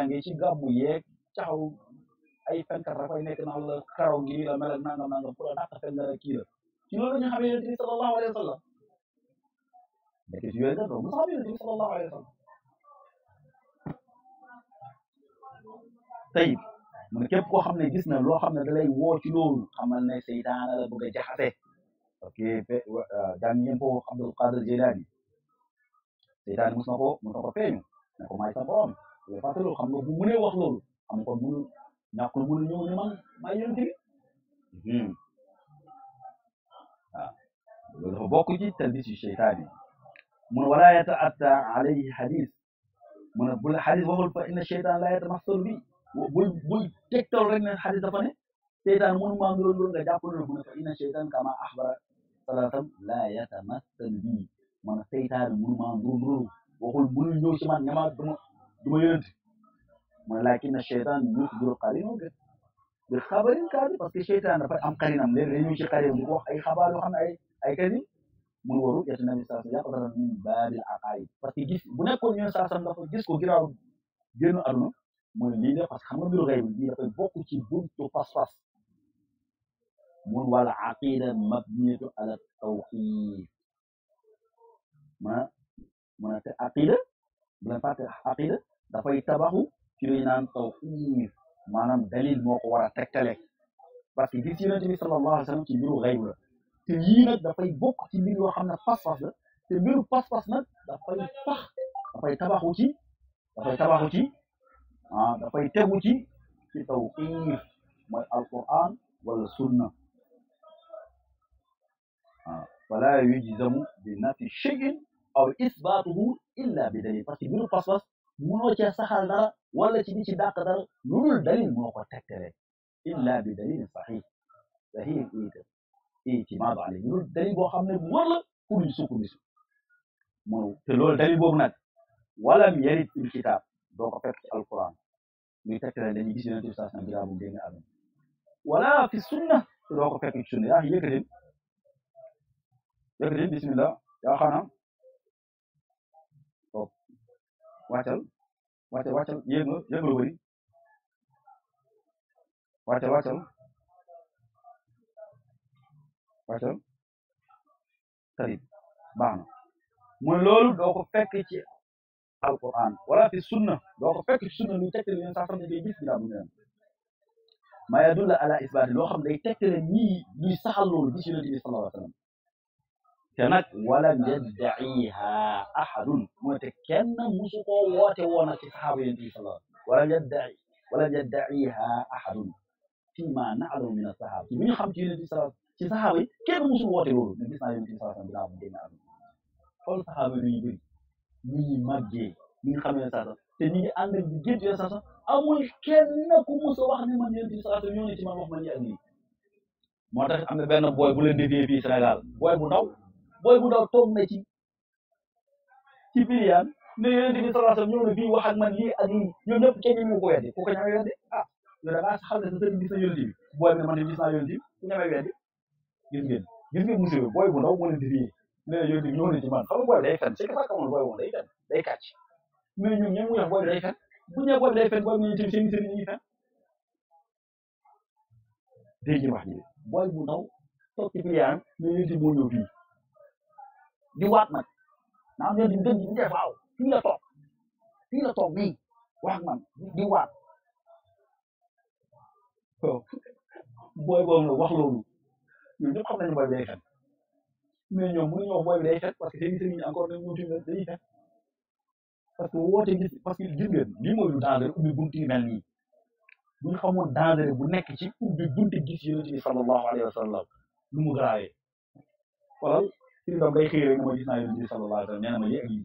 gàmmu yeeg caxaw ay fenkat dafay nekk naan la karaw gi la mel ak wa sallam nekk ci yooyu def xam ne képp koo xam ne gis na loo xam ne da lay ci loolu xamal ne seytaana la bëgg a ok daan ngeen ko Abdul Qadir Jilani seytaane mos na ko mos na ko feeñu ne ko maay sa borom yow fàttaloo xam nga bu mënee wax loolu xam kon mënul ñàkkul mënul ñëw ne man maa yonent bi waaw loolu dafa bokk ci talbisu seytaane mun wala yata'atta alayhi hadis mun bul hadis waxul fa inna seytaan la yatamassalu bi bul bul tegtal rek ne hadis dafa ne seytaan mënu maa ngi loolu nga jàpp loolu mu ne fa inna seytaan kama axbara salatam la yatamassalu bii man seytaane ma ndurndurlu waxul mënul ñëw ci man ñama duma duma yonent mu ne laakin na seytaan yusbiru qarinahu bi xabarin kaadib parce que shaytan dafa am qarinam léegi leen ñu ci qarinam di wax ay xabaar yoo xam ay ay kadi mu waru yàlla nabi saa yàlla dara min baabil aqaayid parce que gis bu nekkon ñu saa sam dafa gis ko giraaw gennu aduna mu li lii parce que xam nga mbiru xëy bi dafa bokku ci buntu pas-pas من والعقيدة مبنية على التوحيد ما ما تأقيدة بلن فات العقيدة دفع يتبعه في نام توحيد ما نم دليل مقوارة تكالك بس في سيرة النبي صلى الله عليه وسلم تبيرو غيبه تبيرو دفع يبوك تبيرو خمنا فاس فاس تبيرو فاس فاس نت دفع يفخ دفع يتبعه شيء دفع يتبعه شيء آه دفع يتبعه شيء في توحيد ما القرآن والسنة wala yujzamu bi nafi shay'in aw isbaatuhu illa bi dalil parce que mbiru pas-pas munoo cee saxal dara wala ci ni ci dàq dara lu dul dalil moo ko tegtale illa bi dalil sahih sahih itam itimaadu alayhi lu dul dalil boo xam ne bu wër la pour ñu sukkandiku mooy te loolu dalil boobu nag wala mu yarit il kitaab doo ko fekk ci alquran muy tegtale dañuy gis yonent bi saa sàn bi daa moom dégg nga am wala fi sunna doo ko fekk ci sunna yaa yëkkatim Jibril bismillah yaa xanaa toog wàccal wàccal wàccal yéeg na yéeg la bëri wàccal wàccal wàccal tarib baax na loolu doo ko fekk ci alquran wala fi sunna doo ko sunna luy tekk leen sax ne day gis bu ngeen ma yadulla ala isbaati loo xam day tekk leen ñii ñuy saxal loolu gis yonent bi sallallahu alayhi سمك ولم يدعيها احد متكلم مسقى واتوا نتفحوا ينتهي صلاه ولم يدعي ولم يدعيها احد فيما نعلم من الصحابه من خمس ينتهي صلاه في صحابي كيف مسقى واتوا النبي صلى الله عليه وسلم بلا بد ان اعلم كل الصحابه اللي يبي مي مجي من خمس ينتهي صلاه تني عند الجيت يا صاحبي امول كنكم مسقى واحد من ينتهي صلاه يوم الجمعه محمد يعني motax amna ben boy bu len di fi senegal boy bu ndaw booy bu ndaw toog na ci ci biir ne yonent bi sallallahu alayhi wasallam ñëw na fii wax ak man lii ak lii ñoom ñëpp kenn ñu ko ku ko ñamee weddi ah yow da ngaa xam ne sa sëriñ gis na yonent bu ndaw moo leen di na ci man ñoom ñoom di waat nag naa ne di gën di def waaw fii la la toog nii wax man di waat booy boobu nag wax loolu ñun ñëpp xam nañu booy bi day fen mais ñoom booy bi day fen parce que seen sëriñ encore dañu wuti dañuy fen parce que woote gis parce que gis ngeen lii mooy lu danger ubbi bunt yi mel nii bu ñu xamoon danger bu nekk ci ubbi bunti gis yonent bi sallallahu alayhi wa sallam lu mu garaawee wala suñu doom day xëy na ma yéeg yi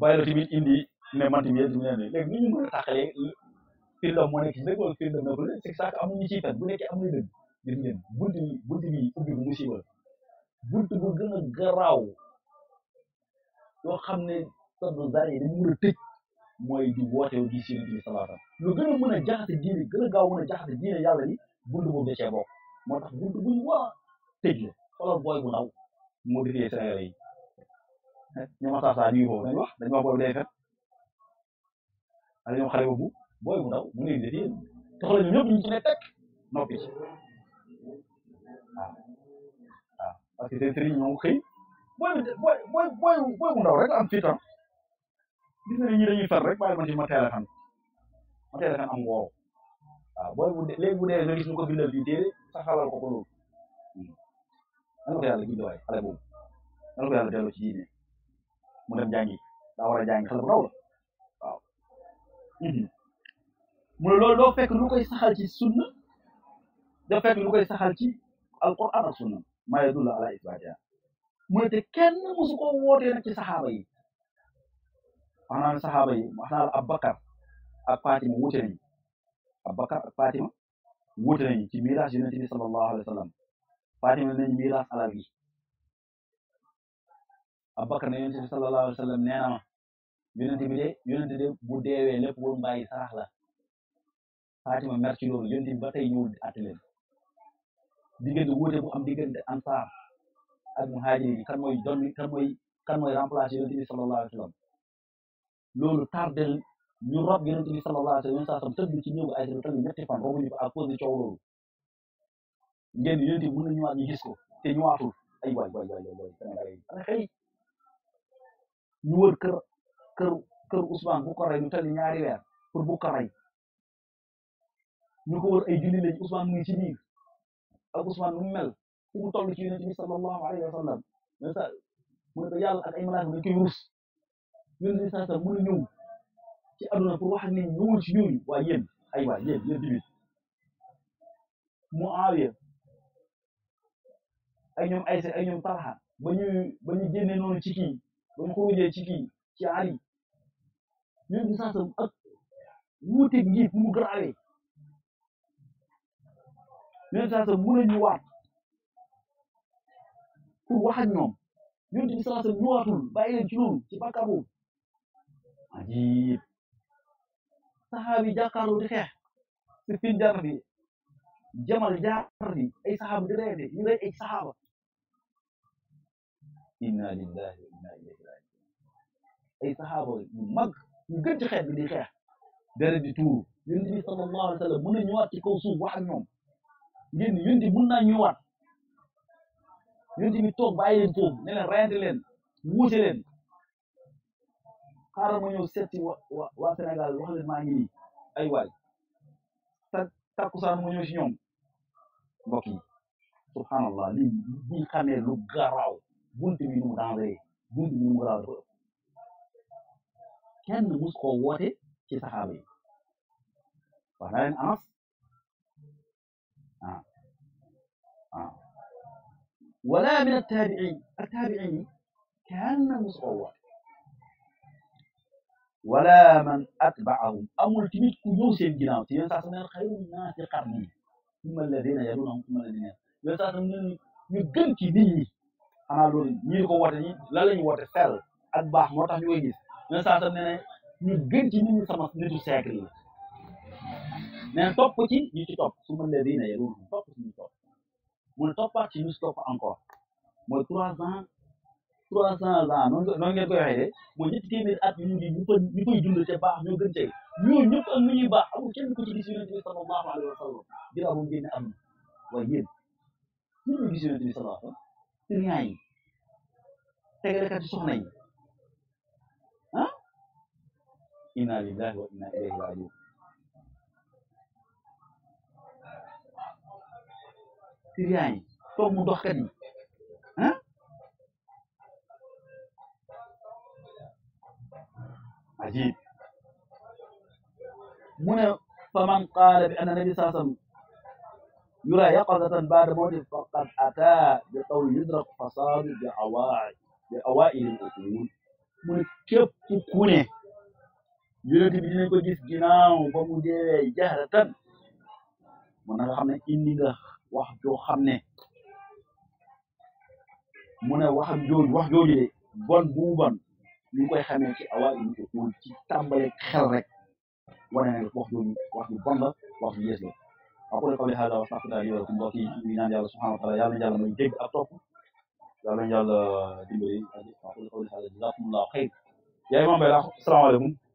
bàyyi la tamit indi ne man tamit yéen tamit nee na léegi a tàqalee suñu doom moo nekk ci dëgg wala suñu doom nekkul fen bu nekkee amuñu dëgg gis ngeen bi bunt bi ubbi bu bunt bu gën a garaaw yoo xam ne saddu zar yi dañu mën tëj mooy di woote wu di si yonent bi sallallahu alayhi gën a mën a jaxase a diine yàlla yi bunt boobu da moo tax bunt buñ waa tëj xoolal booy bu ndaw modifié Sénégalais yi ñoom Matar Sarr ñu ngi foofu dañu wax dañu boobu booy bu ndaw mu ngi di defi te xoolal ñoom ñëpp ñu ci ne teg noppi ci parce que seen sëriñ ñoo xëy booy booy bu ndaw rek am fit gis na ni rek bàyyi ma ci ma teel a xam ma a booy bu dee léegi bu dee nga gis ñu ko bindal fii téere saxalal ko ko na ko yàlla gindi waay xale boobu na ko yàlla delloo ci diine mu dem jàngi daa war a jàngi xale mhm. mu ne doo fekk lu koy ci sunna doo fekk lu koy saxal ci alquran ak sunna maa yadullu ala isbaatiha mu ne te kenn mosu ko wootee nag ci saxaaba yi wax naa ne saxaaba ak Fatima wuute nañu Abubakar ak Fatima wuute ci miraas yonente bi sallallahu alayhi wa fàttali nañ miiraas alal gi Abubakar ne yonent bi sallallahu wa sallam nee na ma bi de yonent bu deewee lépp lu mu bàyyi sarax la Fatima mer ci loolu yonent bi ba tey ñëwul àtte leen diggante wuute bu am diggante ansaar ak muhaajir kan mooy donni kan mooy kan mooy bi sallallahu wa sallam loolu tardel ñu rob yonent bi sallallahu wa sallam yonent saa sam tëdd ci néegu Aysa tëdd ñetti fan robuñu ko à cause de coow loolu ngeen yonent bi mën na ñëwaat ñu gis ko te ñëwaatul ay waay waay waay waay Sénégalais yi ana xëy ñu wër kër kër kër Ousmane bu ko rey ñu tali ñaari weer pour bu ko rey ñu ko wër ay julli lañ Ousmane mu ngi ci biir ak Ousmane nu mu mel fu mu toll ci yonent bi sallallahu alayhi wa sallam mais ça mu ne yàlla ak ay malaaka dañ koy rus yonent bi saa sa mën a ñëw ci àdduna pour wax ak nit ñi ñëwul ci ñooñu waaye yéen ay waay yéen yéen tamit mu aawiya ay ñoom ayse ay ñoom talxa ba ñu ba noonu ci kii ba ñu xurujee ci kii ci di sansam ak wuuteeg ngi mu grawee ñoom ñun di sansam ñu waatul bàyyi ci loolu ci bàkkaar boobu ajib saxaabi jàkkaarloo di xeex si fin jaar jamal jaar ay saxaaba di reyante ñu rey ay saxaaba inna lillahi inna ilayhi rajiun ay saxaaba mag ñu gën ci xeet bi di xeex deret di tuuru sallallahu alayhi wa sallam mën na ñëwaat wax ñoom ngeen yonent mën naa ñëwaat yonent bi toog bàyyi leen foofu ne leen rayante leen wuute leen xaaral ma ñëw seeti wa wa waa Sénégal maa ngi nii ay waay ta takkusaan mu ñoom mbokk yi subhanallah lii lu garaaw bunti bi numu danger bunti bi numu rado kenn mus ko wote ci sahaba yi wax na leen anas ah ah ولا من التابعين التابعين كان مصور ولا من اتبعهم ام التميت كنوس الجناس ينتصر من خير الناس قرني ثم الذين يرونهم ثم الذين يرونهم ينتصر من يدن كي xanaa loolu ñii ko woote ñi lan la ñu woote ak baax moo tax ñu koy gis len saa sam ne ne ñu gën ci nit sama nitu siècle yi mais topp ci ñu ci topp su mën le diina yeluu topp ci ñu topp mu ne toppaat ci ñu si encore mooy trois ans trois ans noonu noonu ngeen koy waxee de mooy ñetti ñu ñu ñu koy dund baax ñoo gën cee ñooñu ñëpp ak nu ñuy baax amul kenn ku ci bi sallallahu alayhi wa sallam ginnaaw moom génne am na waaye yéen ñu gis yonent إنا لله وإنا إليه راجعون سيرياني تو مو دوخني ها عجيب من فمن قال بان النبي صلى الله عليه وسلم يرى يقظة بعد موت فقد أتى بقول يدرك فصاد بأوائل الأصول mu ne képp ku ne yonent bi dinañ ko gis ginnaaw ba mu dee jahratan mu na nga xam ne indi nga wax joo xam ne mu ne waxam wax jooju de bon bu mu bon ñu ngi koy xamee ci awaayu ñu ko ci tàmbale xel rek wane ne wax jooju wax ju bon wax ju yées la أقول قولي هذا وأستغفر لي ولكم mbokk yi ñu ñaan yàlla subhanahu wa taala yàlla na yàlla mooy dégg ak topp yàlla na yàlla dimbali أقول قولي هذا جزاكم الله خير يا إمام بلال السلام عليكم